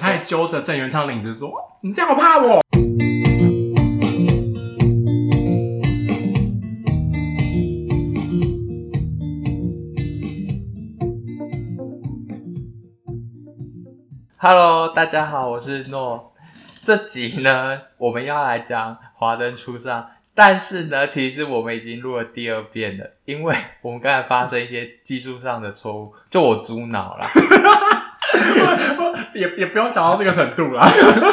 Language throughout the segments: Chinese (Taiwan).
他還揪着鄭元暢領子說：“你這樣好怕我。” Hello，大家好，我是諾。這集呢，我們要來講華燈初上，但是呢，其實我們已經錄了第二遍了，因為我們剛才發生一些技術上的錯誤，就我豬腦了。 也也不用講到這個程度啦，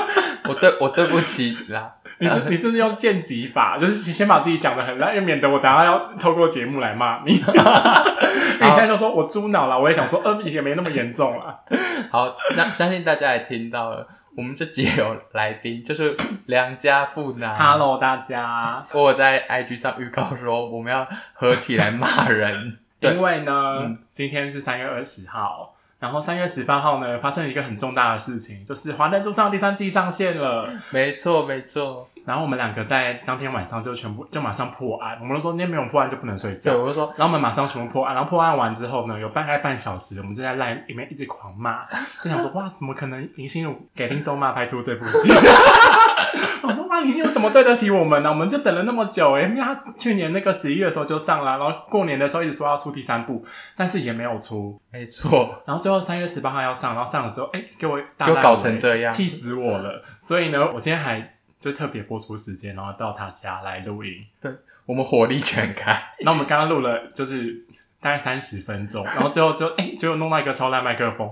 我對我對不起啦。你是 你是不是用見及法，就是先把自己講的很爛又免得我等下要透過節目來罵你。你 好現在就說我豬腦了，我也想說，嗯，也沒那麼嚴重了。 好，那相信大家也聽到了，我們這集有來賓就是良家腹男。 Hello，大家，我在 IG 上預告說我們要合體來罵人， 對因為呢，嗯、今天是三月二十號。然後三月十八號呢，發生了一個很重大的事情，就是《華燈初上》第三季上線了。沒錯，沒錯。然後我們兩個在當天晚上就全部就馬上破案，我們都說今天沒有破案就不能睡覺。對，我就說，然後我們馬上全部破案，然後破案完之後呢，有大概半小時，我們就在賴裡面一直狂罵，就想說 哇，怎麼可能？林心如給林宗罵拍出這部戲？ 我說哇，你現在怎麼對得起我們呢？我們就等了那麼久哎、欸，因為他去年那個十一月的時候就上了，然後過年的時候一直說要出第三部，但是也沒有出，沒錯錯。然後最後三月十八號要上，然後上了之後，哎、欸，給我都、欸、搞成這樣，氣死我了。所以呢，我今天還就特別播出時間，然後到他家來錄音。對，我們火力全開。那 我們剛剛錄了就是大概三十分鐘，然後最後就哎、 欸，最後弄到一個超爛麥克風。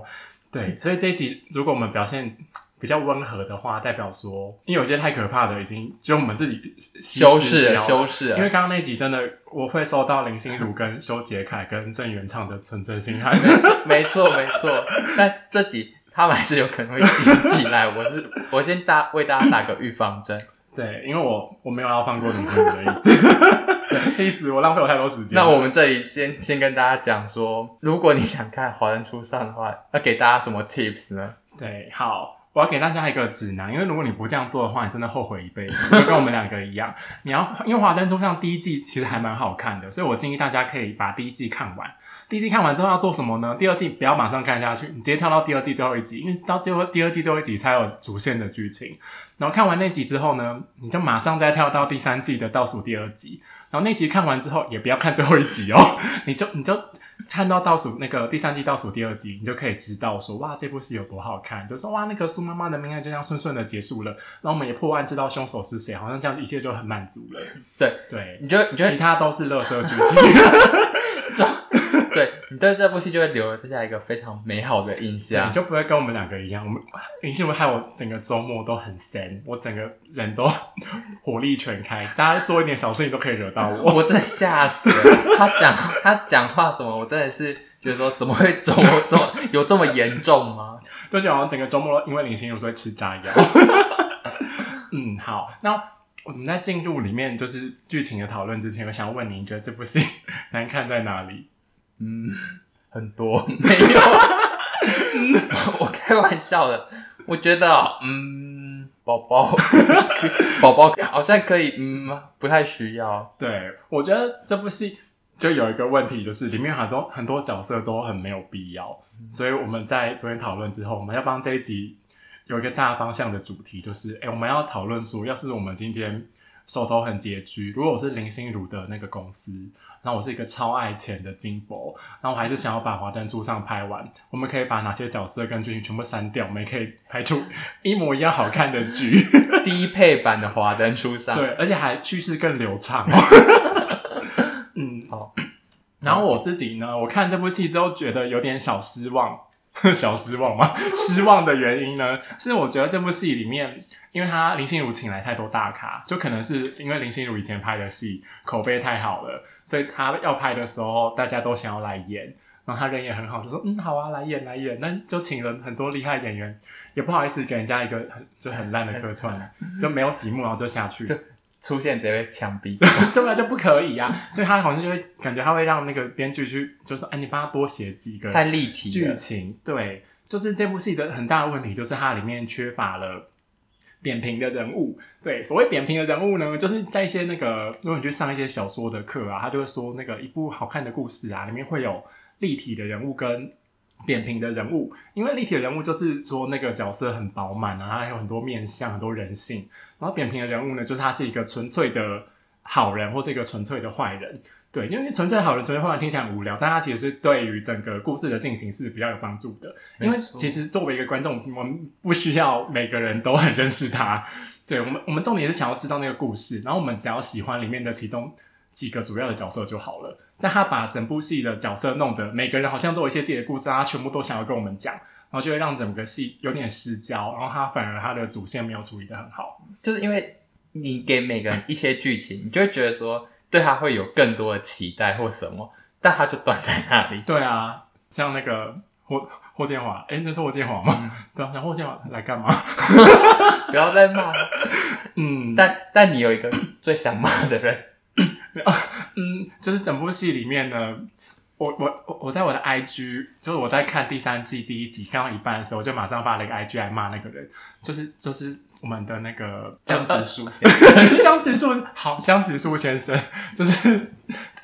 對，所以這一集如果我們表現比較溫和的話，代表說，因為有些太可怕的，已經就我們自己修飾了，修飾了。因為剛剛那集真的，我會收到林心如跟修杰楷跟鄭元暢的存證信函。 沒錯沒錯，但這集他們還是有可能會寄，寄來。我是我先打為大家打個預防針。對，因為我我沒有要放過林心如的意思。 對，氣死我，浪費我太多時間。 那我們這裡先先跟大家講說，如果你想看《華燈初上》的話，要給大家什麼 tips 呢？對，好。我要給大家一個指南，因為如果你不這樣做的話，你真的後悔一輩子，就跟我們兩個一樣。你要因為《華燈初上》第一季其實還蠻好看的，所以我建議大家可以把第一季看完。第一季看完之後要做什麼呢？第二季不要馬上看下去，你直接跳到第二季最後一集，因為到最後第二季最後一集才有主線的劇情。然後看完那集之後呢，你就馬上再跳到第三季的倒數第二集。然後那集看完之後，也不要看最後一集哦，你就你就。看到倒數那個第三季倒數第二集，你就可以知道說，哇，這部戲有多好看，就說哇，那個蘇媽媽的命案就這樣順順的結束了，然後我們也破案知道兇手是誰，好像這樣一切就很滿足了。對對，你覺得你覺得其他都是垃圾劇情？ 對你對這部戲就會留下一個非常美好的印象，你就不會跟我們兩個一樣。我們林心如害我整個周末都很閒，我整個人都火力全開，大家做一點小事情都可以惹到我，我真的嚇死了。他講 他講話什麼，我真的是覺得說，怎麼會這麼這麼有這麼嚴重嗎？就覺得好像整個周末因為林心如有時候會吃炸藥。 嗯，好。那我們在進入裡面就是劇情的討論之前，我想問您覺得這部戲難看在哪裡？嗯，很多 沒有， 我開玩笑的。我覺得，嗯，寶寶，寶 寶好像可以，嗯，不太需要。對，我覺得這部戲就有一個問題，就是裡面很多很多角色都很沒有必要。嗯、所以我們在昨天討論之後，我們要幫這一集有一個大方向的主題，就是，哎、欸，我們要討論說，要是我們今天手頭很拮據，如果我是林心如的那個公司。那我是一個超愛錢的金箔，然後我還是想要把《華燈初上》拍完。我們可以把哪些角色跟劇情全部刪掉？我們可以拍出一模一樣好看的劇，低配版的《華燈初上》。對，而且還敘事更流暢哦。 嗯，好。然後我自己呢，我看這部戲之後覺得有點小失望。 小失望嘛，失望的原因呢，是我覺得這部戲裡面，因為他林心如請來太多大咖，就可能是因為林心如以前拍的戲口碑太好了，所以他要拍的時候，大家都想要來演，然後他人也很好，就說嗯好啊，來演來演，那就請了很多厲害演員，也不好意思給人家一個很就很爛的客串， 就沒有幾幕，然後就下去。 出現直接槍斃， 對啊，就不可以啊。 所以他好像就會感覺他會讓那個編劇去，就是哎、啊，你幫他多寫幾個劇情，太立體，對，就是這部戲的很大的問題就是它裡面缺乏了扁平的人物，對，所謂扁平的人物呢，就是在一些那個如果你去上一些小說的課啊，他就會說那個一部好看的故事啊，裡面會有立體的人物跟。扁平的人物，因為立體的人物就是說那個角色很飽滿啊，他還有很多面相，很多人性。然後扁平的人物呢，就是他是一個純粹的好人或是一個純粹的壞人。對，因為純粹的好人、純粹壞人聽起來很無聊，但他其實對於整個故事的進行是比較有幫助的。沒錯。因為其實作為一個觀眾，我們不需要每個人都很認識他。對我們，我們重點是想要知道那個故事，然後我們只要喜歡裡面的其中，幾個主要的角色就好了。那他把整部戲的角色弄得每個人好像都有一些自己的故事啊，他全部都想要跟我們講，然後就會讓整個戲有點失焦。然後他反而他的主線沒有處理的很好，就是因為你給每個人一些劇情， 你就會覺得說對他會有更多的期待或什麼，但他就斷在那裡。對啊，像那個霍霍建華，誒、欸、那是霍建華嗎？嗯，對啊，像霍建華來幹嘛？ 不要再罵了。嗯， 但但你有一個最想罵的人。嗯，就是整部戲裡面呢，我我我我在我的 IG，就是我在看第三季第一集看到一半的時候，我就馬上發了一個 IG 來罵那個人，就是就是我們的那個江直樹， 江直樹好，江直樹先生，就是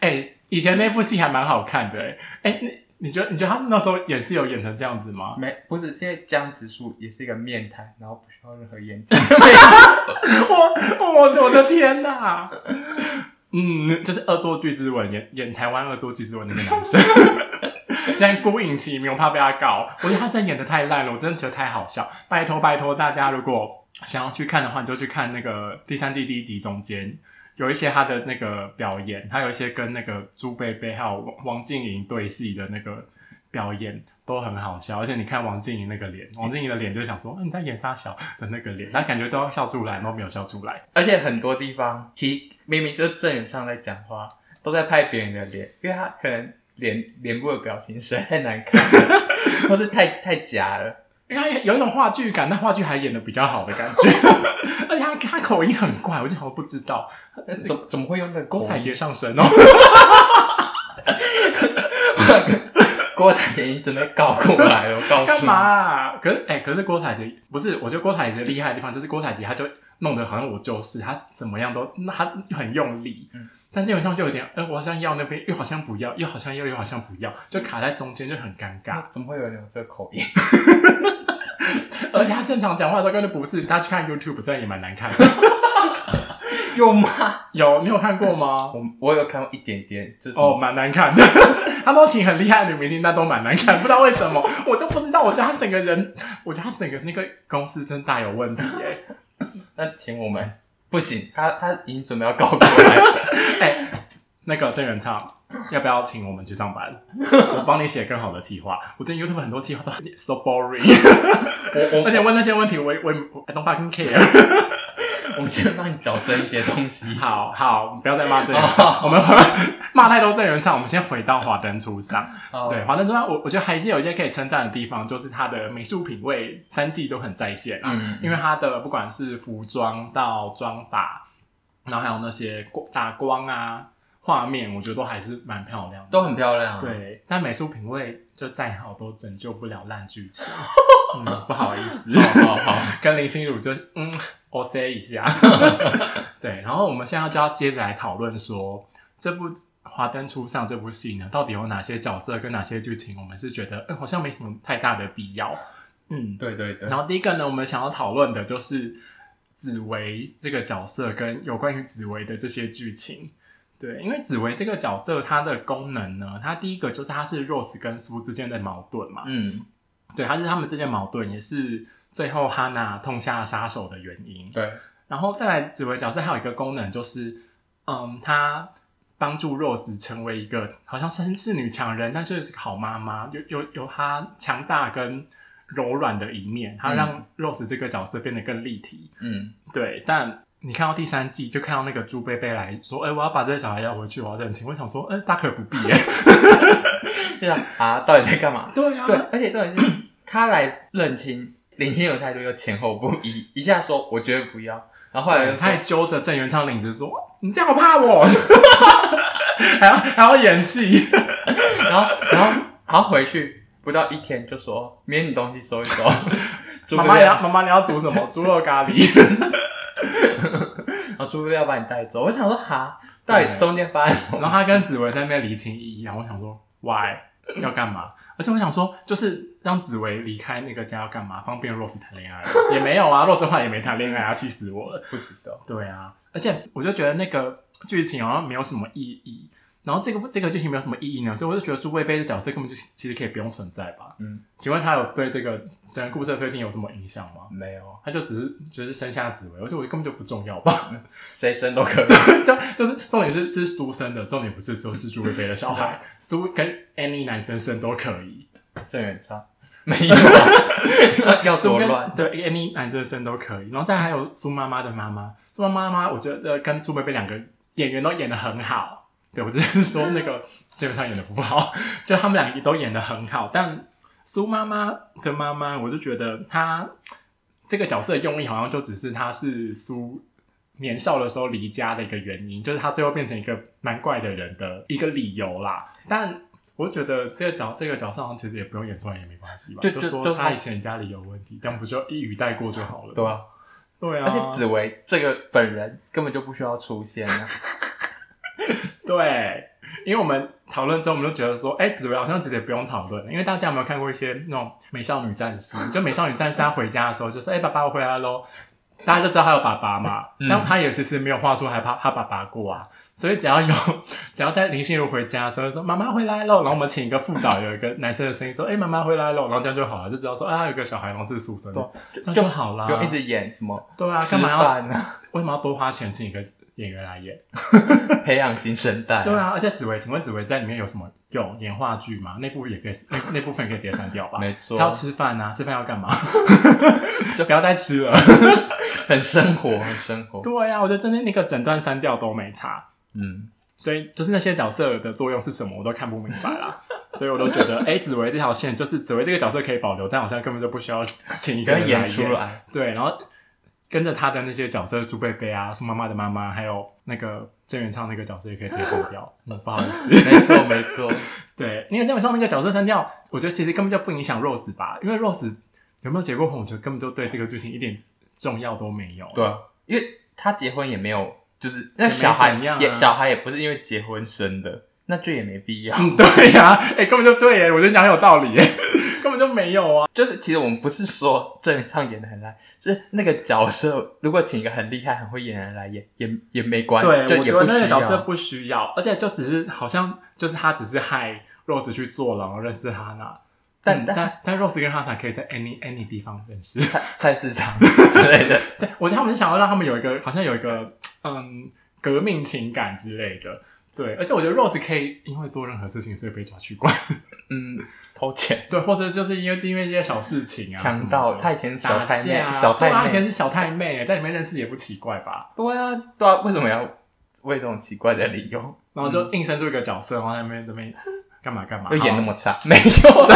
哎、欸，以前那部戲還蠻好看的、欸，哎、欸，哎，你你覺得你覺得他們那時候演戲有演成這樣子嗎？沒，不是，現在江直樹也是一個面癱，然後不需要任何演技。 我我我的天哪！嗯，就是惡作劇之吻演演台灣惡作劇之吻那個男生， 現在孤影其名，我怕被他搞。我覺得他真演的太爛了，我真的覺得太好笑。拜託拜託，大家如果想要去看的話，你就去看那個第三季第一集中間有一些他的那個表演，他有一些跟那個朱貝貝還有王王靜瑩對戲的那個表演都很好笑。而且你看王靜瑩那個臉，王靜瑩的臉就想說，嗯、啊，他演傻小的那個臉，他感覺都要笑出來，都沒有笑出來。而且很多地方其明明就是鄭元暢在講話，都在拍別人的臉，因為他可能臉臉部的表情實在太難看了， 或是太太假了。因為他有一種話劇感，但話劇還演得比較好的感覺， 而且他他口音很怪，我就好像不知道怎怎麼會用那個郭采潔上身哦，口音 郭采潔已經準備告過來了，我告訴你。幹嘛、啊？可是、欸、可是郭采潔不是？我覺得郭采潔厲害的地方就是郭采潔他就。弄得好像我就是他怎麼樣都他很用力，嗯、但是有時候就有點、呃，我好像要那邊，又好像不要，又好像要又好像不要，就卡在中間就很尷尬、啊。怎麼會有人有這個口音？ 而且他正常講話的時候根本不是。他去看 YouTube，雖然也蠻難看的。 有嗎？有，你有看過嗎？我我有看過一點點，就是哦，蠻難看的。 他都請很厲害的女明星，但都蠻難看， 不知道為什麼。我就不知道，我覺得他整個人，我覺得他整個那個公司真的大有問題哎。Yeah. 那請我們不行，他他已經準備要告過來了。哎、 欸，那個鄭元暢，要不要請我們去上班？我幫你寫更好的計劃。我最近 YouTube 很多計劃，都 so boring。 我我而且問那些問題，我我，我，I don't fucking care。 我們先幫你矯正一些東西。 好好，不要再罵鄭元暢，我們回，罵太多鄭元暢。我們先回到華燈初上。Oh. 對，華燈初上，我我覺得還是有一些可以稱讚的地方，就是它的美術品味三季都很在線嗯因為它的不管是服裝到妝髮，嗯、然後還有那些光打光啊。畫面我覺得都還是蠻漂亮的，都很漂亮啊。對，但美術品味就再好，都拯救不了爛劇情、 嗯。不好意思， 好好好，跟林心如就嗯，O C 一下。 對，然後我們現在就要接着來討論說，這部《華燈初上》這部戲呢，到底有哪些角色跟哪些劇情，我們是覺得嗯，好像沒什麼太大的必要。嗯， 對對對。然後第一個呢，我們想要討論的就是紫薇這個角色跟有關於紫薇的這些劇情。對，因為紫薇這個角色，它的功能呢，它第一個就是它是 Rose 跟蘇之間的矛盾嘛，嗯，對，它是他們之間矛盾，也是最後哈娜痛下殺手的原因。對，然後再來紫薇角色還有一個功能就是，嗯，它幫助 Rose 成為一個好像身是，是女強人，但是是好媽媽，有有有她強大跟柔軟的一面，它讓 Rose 這個角色變得更立體。嗯，對，但。你看到第三季，就看到那個朱貝貝來說：“哎、欸，我要把這個小孩要回去，我要認親。”我想說：“哎、欸，大可不必耶。 對啦”對啊，啊，到底在幹嘛？對啊，對，而且重點是 他來認親，領先有態度，又 前後不一，一下說我絕對不要，然後後來 他還揪着鄭元暢領子說：“你這樣我怕我， 還要還要演戲。”然後，然後， 然後回去不到一天就說：“免你東西收一收。”媽媽，你要媽媽，媽媽你要煮什麼？豬 肉咖喱。 然後朱雀要把你帶走，我想說哈，到底中間發生什麼？然後他跟紫薇在那邊離情依依，然後我想說，why 要幹嘛？而且我想說，就是讓紫薇離開那個家要幹嘛？方便 Rose 談戀愛了 也沒有啊，Rose 話也沒談戀愛啊，氣 死我了。不知道，對啊，而且我就覺得那個劇情好像沒有什麼意義。然後這個這個劇情沒有什麼意義呢，所以我就覺得朱貴妃的角色根本就其實可以不用存在吧。嗯，請問他有對這個整個故事的推進有什麼影響嗎？沒有，他就只是就是生下紫薇，而且我覺得根本就不重要吧，誰生都可以。 就就是重點是是蘇生的重點不是說是朱貴妃的小孩， 啊、蘇跟 any 男生生都可以。鄭元暢沒有 要多亂，對 any 男生生都可以。然後再還有蘇媽媽的媽媽，蘇媽媽媽媽，我覺得跟朱貴妃兩個演員都演得很好。對，我之前說那個 基本上演的不好，就他們兩個都演的很好，但蘇媽媽跟媽媽，我就覺得她這個角色的用意好像就只是她是蘇年少的時候離家的一個原因，就是她最後變成一個蠻怪的人的一個理由啦。但我覺得這個角這個角色好像其實也不用演出來也沒關係吧，就說她以前家裡有問題，但不就一語帶過就好了？對啊，對啊。對啊，而且紫薇這個本人根本就不需要出現啊。 對，因為我們討論之後，我們就覺得說，哎，紫薇好像直接不用討論，因為大家有沒有看過一些那種美少女戰士？就美少女戰士她回家的時候，就說，哎，爸爸我回來嘍，大家就知道他有爸爸嘛。那她、嗯、也其實沒有畫出害怕她爸爸過啊。所以只要有只要在林心如回家的時候說媽媽回來咯，然後我們請一個副導 有一個男生的聲音說，哎，媽媽回來咯，然後這樣就好了，就知道說啊，有個小孩，然後是素生，嗯、那就就好了啦，不用一直演什麼？對啊，呢幹嘛要？為什麼要多花錢請一個？演員來演， 培養新生代、啊。對啊，而且紫薇，請問紫薇在裡面有什麼？有演話劇嗎？那部也可以，那那部分可以直接刪掉吧。沒錯錯，他要吃飯啊，吃飯要幹嘛？ 就不要再吃了， 很生活，很生活。對啊，我覺得真的那個整段刪掉都沒差。嗯，所以就是那些角色的作用是什麼，我都看不明白啦。 所以我都覺得，哎、欸，紫薇這條線就是紫薇這個角色可以保留，但好像根本就不需要請一個人演員出來。對，然後。跟着他的那些角色，豬貝貝啊，蘇媽媽的媽媽，還有那個鄭元暢那個角色也可以直接刪掉。 嗯，不好意思，沒錯沒錯，對，因為鄭元暢那個角色刪掉，我覺得其實根本就不影響 Rose 吧，因為 Rose 有沒有結過婚，我覺得根本就對這個劇情一點重要都沒有啊。對啊，因為他結婚也沒有，就是，嗯，那小孩也沒怎樣啊，也小孩也不是因為結婚生的。那這也沒必要。嗯、對呀、啊，哎、欸，根本就對耶！我覺得講的有道理耶，根本就沒有啊。就是其實我們不是說這一場演的很爛，就是那個角色如果請一個很厲害、很會演的人來演，也也，也沒關係。對，我覺得那個角色不需要，而且就只是好像就是他只是害 Rose 去坐牢，認識 Hana。但、嗯、但但 Rose 跟 Hana 可以在 any any 地方認識，菜菜市場之 類的。對，我覺得他們是想要讓他們有一個好像有一個嗯革命情感之類的。對，而且我覺得 Rose 可以因為做任何事情，所以被抓去關。嗯，偷錢，對，或者就是因為因為一些小事情啊，搶到。他以前是小太妹，對啊，以前是小太妹，在裡面認識也不奇怪吧？對啊，對啊，為什麼要為這種奇怪的理由，然後就硬生出一個角色，然後在那邊這邊幹嘛幹嘛？又演那麼差？沒有，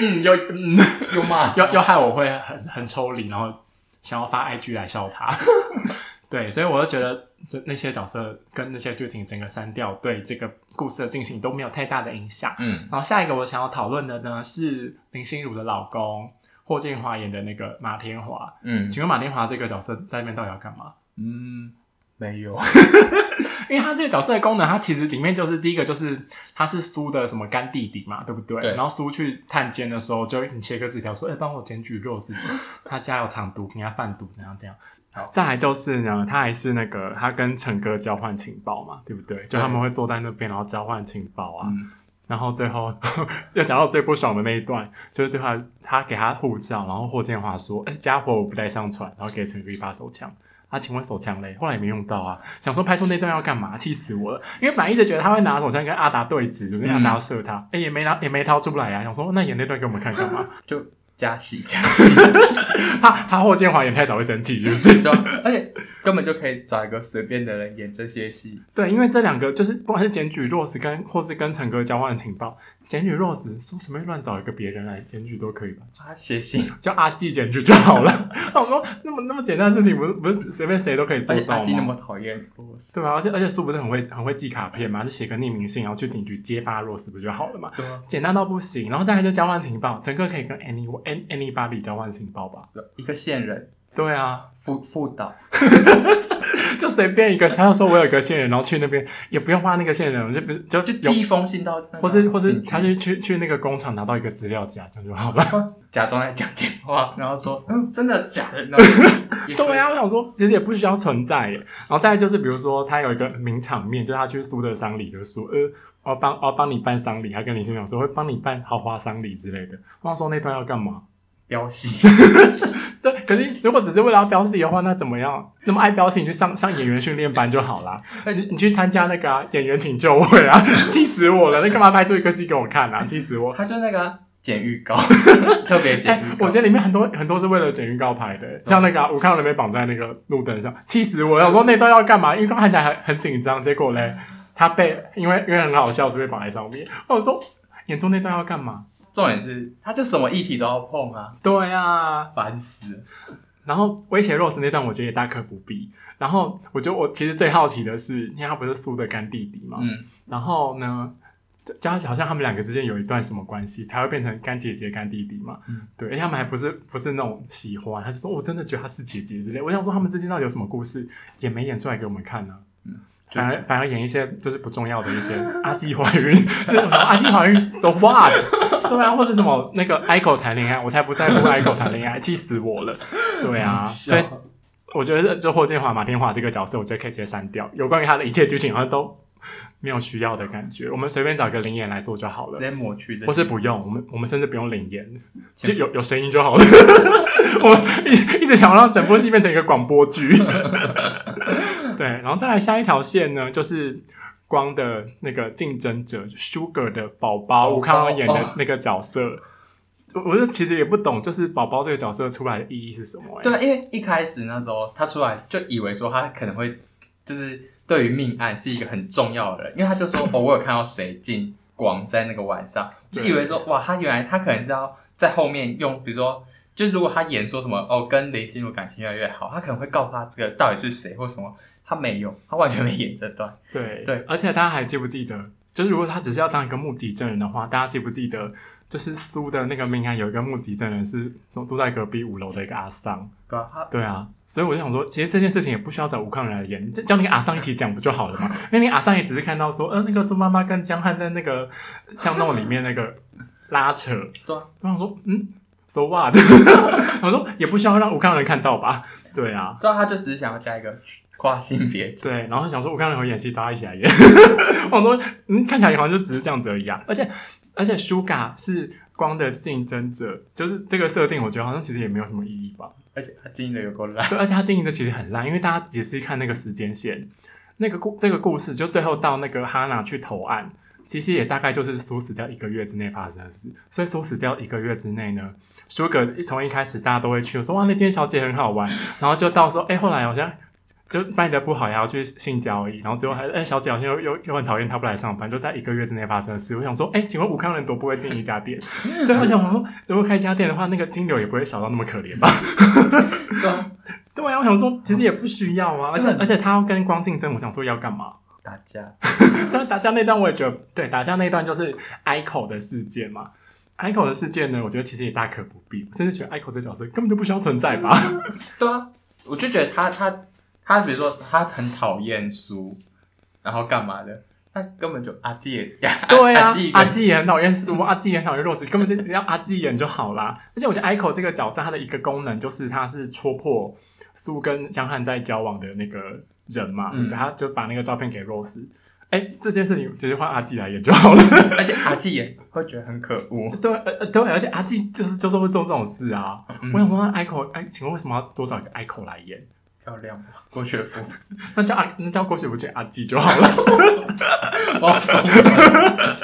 嗯，又嗯又罵又又害我會很很抽離，然後想要發 IG 來笑他。對，所以我就覺得這那些角色跟那些劇情整個刪掉，對這個故事的進行都沒有太大的影響。嗯，然後下一個我想要討論的呢是林心如的老公霍建華演的那個馬天華。嗯，請問馬天華這個角色在裡面到底要幹嘛？嗯，沒有， 因為他這個角色的功能，他其實裡面就是第一個就是他是蘇的什麼乾弟弟嘛，對不對？對，然後蘇去探監的時候，就你切個紙條說，哎、欸，幫我檢舉 Rose， 他家有藏毒品啊，你要販毒怎樣這樣。好，再來就是呢，他還是那個，他跟陳哥交換情報嘛，對不對？對就他們會坐在那邊，然後交換情報啊。嗯、然後最後呵呵又想到最不爽的那一段，就是對他，他給他護照，然後霍建華說：“哎、欸，傢伙，我不帶上船。”然後給陳哥一把手槍，他、啊、請問手槍嘞？後來也沒用到啊。想說拍出那段要幹嘛？氣死我了！因為本來一直覺得他會拿手槍跟阿達對峙，阿、嗯、後拿射他，哎、欸，也沒拿，也沒掏出不來啊，想說那演那段給我們看幹嘛？ 就。加戲加戲，他他霍建華演太少會生氣，就是，不是，而且根本就可以找一個隨便的人演這些戲，對，因為這兩個就是不管是檢舉 Rose 跟或是跟陳哥交換情報，檢舉 Rose 蘇隨便亂找一個別人來檢舉都可以吧？他寫信叫阿季檢舉就好了。我 說那麼那麼簡單的事情不，不是不是隨便誰都可以做到嗎？阿季那麼討厭 Rose，對啊，而且而且蘇不是很會很會寄卡片嘛，就寫個匿名信，然後去警局揭發 Rose 不就好了嘛？對啊，簡單到不行，然後再來就交換情報，陳哥可以跟 anyone。anybody 交換情報吧？一個線人，對啊，副副導， 就隨便一個。他說我有一個線人，然後去那邊也不用花那個線人，我們就就有就寄一封信到或，或是或是他去去去那個工廠拿到一個資料夾，這樣就好了。假裝在講電話，然後說嗯，真的假的？呢？對啊，我想說其實也不需要存在耶。然後再就是比如說他有一個名場面，就是、他去蘇德商旅就是蘇。呃我幫，我幫你辦喪禮，還跟林心如說會幫你辦豪華喪禮之類的。我說那段要幹嘛？飆戲戲。 對，可是如果只是為了要飆戲的話，那怎麼樣？那麼愛飆戲，你去上上演員訓練班就好啦那， 你你去參加那個啊演員請就位啊！氣死我了！那幹 嘛拍出一個戲給我看啊？氣死我！他就那個剪預告，特別剪、 欸、我覺得裡面很多很多是為了剪預告拍的，對像那個吳慷仁被綁在那個路燈上，氣死我了！ 我說那段要幹嘛？因為剛看起來很很緊張，結果嘞。他被因為因為很好笑是被綁在上面，我說演出那段要幹嘛？重點是他就什麼議題都要碰啊，對啊，煩死。然後威脅 Rose 那段我覺得也大可不必。然後我覺得我其實最好奇的是，因為他不是蘇的乾弟弟嘛，嗯、然後呢，就好像他們兩個之間有一段什麼關係才會變成乾姐姐乾弟弟嘛，嗯、對，而且他們還不是不是那種喜歡，他就說我真的覺得他是姐姐之類。我想說他們之間到底有什麼故事也沒演出來給我們看呢、啊，嗯。反而反而演一些就是不重要的一些阿季懷孕， 是什麼阿季懷孕的襪，So what? 對啊，或是什麼那個愛子談戀愛，我才不在乎愛子談戀愛，氣 死我了。對啊，所以我覺得就霍建華、馬天華這個角色，我覺得可以直接刪掉。有關於他的一切劇情，好像都沒有需要的感覺。我們隨便找一個臨演來做就好了，直接抹去的或是不用，我們我們甚至不用臨演，面就有有聲音就好了。 我一一直想讓整部戲變成一個廣播劇。 對，然後再來下一條線呢，就是光的那個競爭者 Sugar 的寶寶，我看他演的那個角色，oh, oh, oh, oh. 我我就其實也不懂，就是寶寶這個角色出來的意義是什麼、欸？對、啊，因為一開始那時候他出來就以為說他可能會就是對於命案是一個很重要的人，因為他就說 哦，我有看到誰進光在那個晚上，就以為說哇，他原來他可能是要在後面用，比如說，就如果他演說什麼哦，跟林心如感情越來越好，他可能會告訴他這個到底是誰或什麼。他沒有，他完全沒演這段。對、嗯、對，對對，而且大家還記不記得，就是如果他只是要當一個目擊證人的話，大家記不記得，就是蘇的那個命案有一個目擊證人是住住在隔壁五樓的一個阿桑。對啊，對啊，所以我就想說，其實這件事情也不需要找吳慷仁來演，就叫那個阿桑一起講不就好了嘛？ 因為你阿桑也只是看到說，呃，那個蘇媽媽跟江漢在那個巷弄裡面那個拉扯。對啊，我想說，嗯，so what? 我說也不需要讓吳慷仁看到吧？對啊，對啊，他就只是想要加一個。跨性別對，然後想說，我剛才和演戲扎一起來演， 我多嗯，看起來好像就只是這樣子而已啊。而且而且，Sugar 是光的競爭者，就是這個設定，我覺得好像其實也沒有什麼意義吧。而且他經營的有夠爛，對，而且他經營的其實很爛，因為大家仔細看那個時間線，那個故這個故事就最後到那個 Hana 去投案，其實也大概就是蘇死掉一個月之內發生的事。所以蘇死掉一個月之內呢，Sugar 從一,一開始大家都會去說哇，那間小姐很好玩，然後就到說哎、欸，後來好像。就賣的不好呀，要去性交易，然後最後還哎、欸、小姐好像又又又很討厭他不來上班，就在一個月之內發生的事。我想說，哎、欸，請問武康人多不會經營一家店？ 對，而且我想說如果開一家店的話，那個金流也不會少到那麼可憐吧？ 對啊，我想說其實也不需要啊，嗯、而且的而且他跟光競爭，我想說要幹嘛？打架？ 但打架那段我也覺得，對，打架那段就是愛子的事件嘛。愛子、嗯、的事件呢，我覺得其實也大可不必，甚至覺得愛子的角色根本就不需要存在吧？ 對啊，我就覺得他他。他比如說他很討厭蘇，然後幹嘛的？他根本就阿季呀，啊對啊阿季也很討厭蘇， 阿季也討厭 Rose，根本就只要阿季演就好啦。而且我覺得 ICO 這個角色，它的一個功能就是它是戳破蘇跟江漢在交往的那個人嘛，然後、嗯、就把那個照片給 Rose。哎、欸，這件事情直接換阿季來演就好了。而且阿季演會覺得很可惡， 對呃對，而且阿季就是就是會做這種事啊。嗯、我想問問 ICO，哎，請問，為什麼要多找一個 ICO 來演？漂亮吧？郭雪芙，那叫阿，那叫郭雪芙叫阿季就好了。我懂。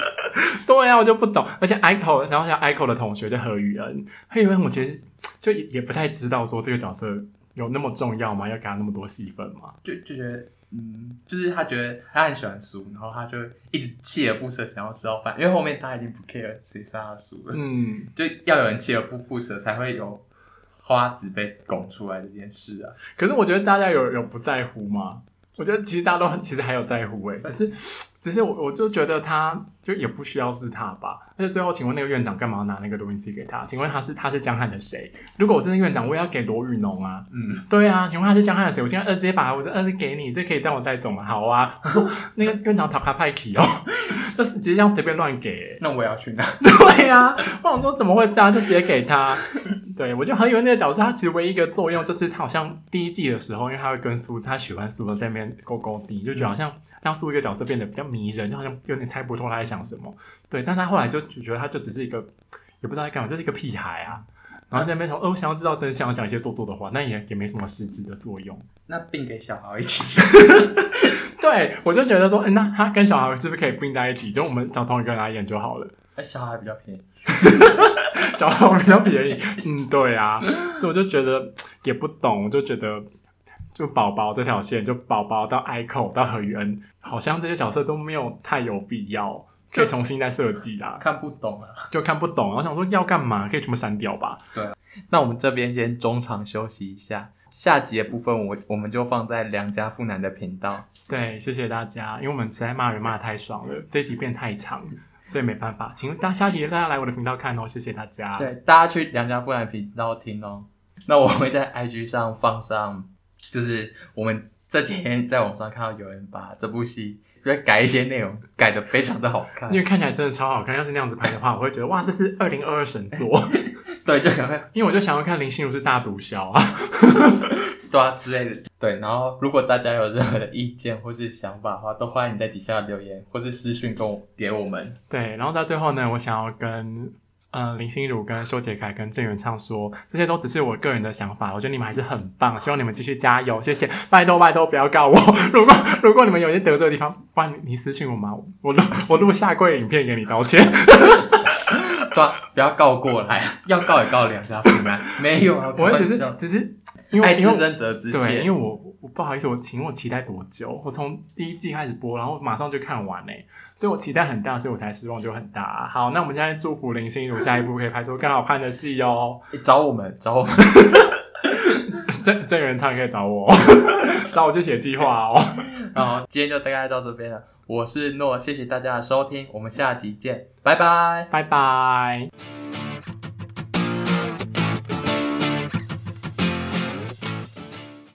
對呀、啊，我就不懂。而且艾可想然後像艾可的同學就何雨恩，何雨恩，因為我覺得就也不太知道說這個角色有那麼重要嗎？要給他那麼多戲份嘛。就就覺得，嗯，就是他覺得他很喜歡書，然後他就一直鍥而不捨想要吃到飯，因為後面他已經不 care 誰是他叔了。嗯，就要有人鍥而不捨才會有。花子被拱出來這件事啊，可是我覺得大家有有不在乎嗎？我覺得其實大家都其實還有在乎哎、欸，欸、只是。只是我，我就覺得他就也不需要是他吧。但是最後，請問那個院長幹嘛拿那個錄音機給他？請問他是他是江瀚的誰？如果我是那個院長，我也要給羅雨儂啊。嗯，對啊，請問他是江瀚的誰？我現在二直接把他我的二、啊、給你，這可以讓我帶走嗎？好啊。他說那個院長討怕派氣哦、喔， 就是直接這樣隨便亂給、欸。那我也要去拿。對呀、啊，不然我說怎麼會這樣？就直接給他。對，我就很以為那個角色他其實唯一一個作用就是他好像第一季的時候，因為他會跟蘇他喜歡蘇的在那邊勾勾搭，就覺得好像。嗯讓塑一個角色變得比較迷人，就好像有點猜不透他在想什麼。對，但他後來就覺得，他就只是一個也不知道在幹嘛，就是一個屁孩啊。然後在那邊說：“啊、哦，想要知道真相，想要講一些做作的話，那也也沒什麼實質的作用。”那併給小孩一起， 對我就覺得說：“嗯、欸，那他跟小孩是不是可以併在一起？就我們找同一個人來演就好了。啊”小孩比較便宜， 小孩比較便宜。 嗯，對啊，所以我就覺得也不懂，我就覺得。就寶寶這條線，就寶寶到艾 o 到河源，好像這些角色都沒有太有必要，可以重新再設計啦。看不懂啊，就看不懂我想說要幹嘛，可以全部刪掉吧？對、啊，那我們這邊先中場休息一下，下集的部分我我們就放在梁家富男的頻道。對，謝謝大家，因為我們實在罵人罵得太爽了，這集變太長，所以沒辦法，請大家下集大家來我的頻道看哦、喔！謝謝大家，對，大家去梁家富男的頻道聽哦、喔。那我會在 IG 上放上。就是我們這幾天在網上看到有人把這部戲在改一些內容，改得非常的好看，因為看起來真的超好看。要是那樣子拍的話，我會覺得哇，這是二零二二神作。欸，對，就可能會因為我就想要看林心如是大毒梟啊，對啊之類的。對，然後如果大家有任何的意見或是想法的話，都歡迎你在底下留言或是私訊跟我給我們。對，然後到最後呢，我想要跟。嗯、呃，林心如跟修杰楷跟鄭元暢說，這些都只是我個人的想法，我覺得你們還是很棒，希望你們繼續加油，謝謝，拜託拜託，不要告我。如果如果你們有些得罪的地方，不然你私信我嘛，我錄我錄下跪影片給你道歉。 對、啊，不要告過來，要告也告兩下不然沒有啊。 okay, 我只是只是。因為因為對因為我，我不好意思，我請問我期待多久？我從第一季開始播，然後馬上就看完誒、欸，所以我期待很大，所以我才失望就很大。好，那我們現在祝福林心如下一部可以拍出更好看的戲哦。找我們，找我們，真 正人唱可以找我，找我去寫計劃哦。 然後今天就大概就到這邊了。我是諾，謝謝大家的收聽，我們下集見，拜拜，拜拜。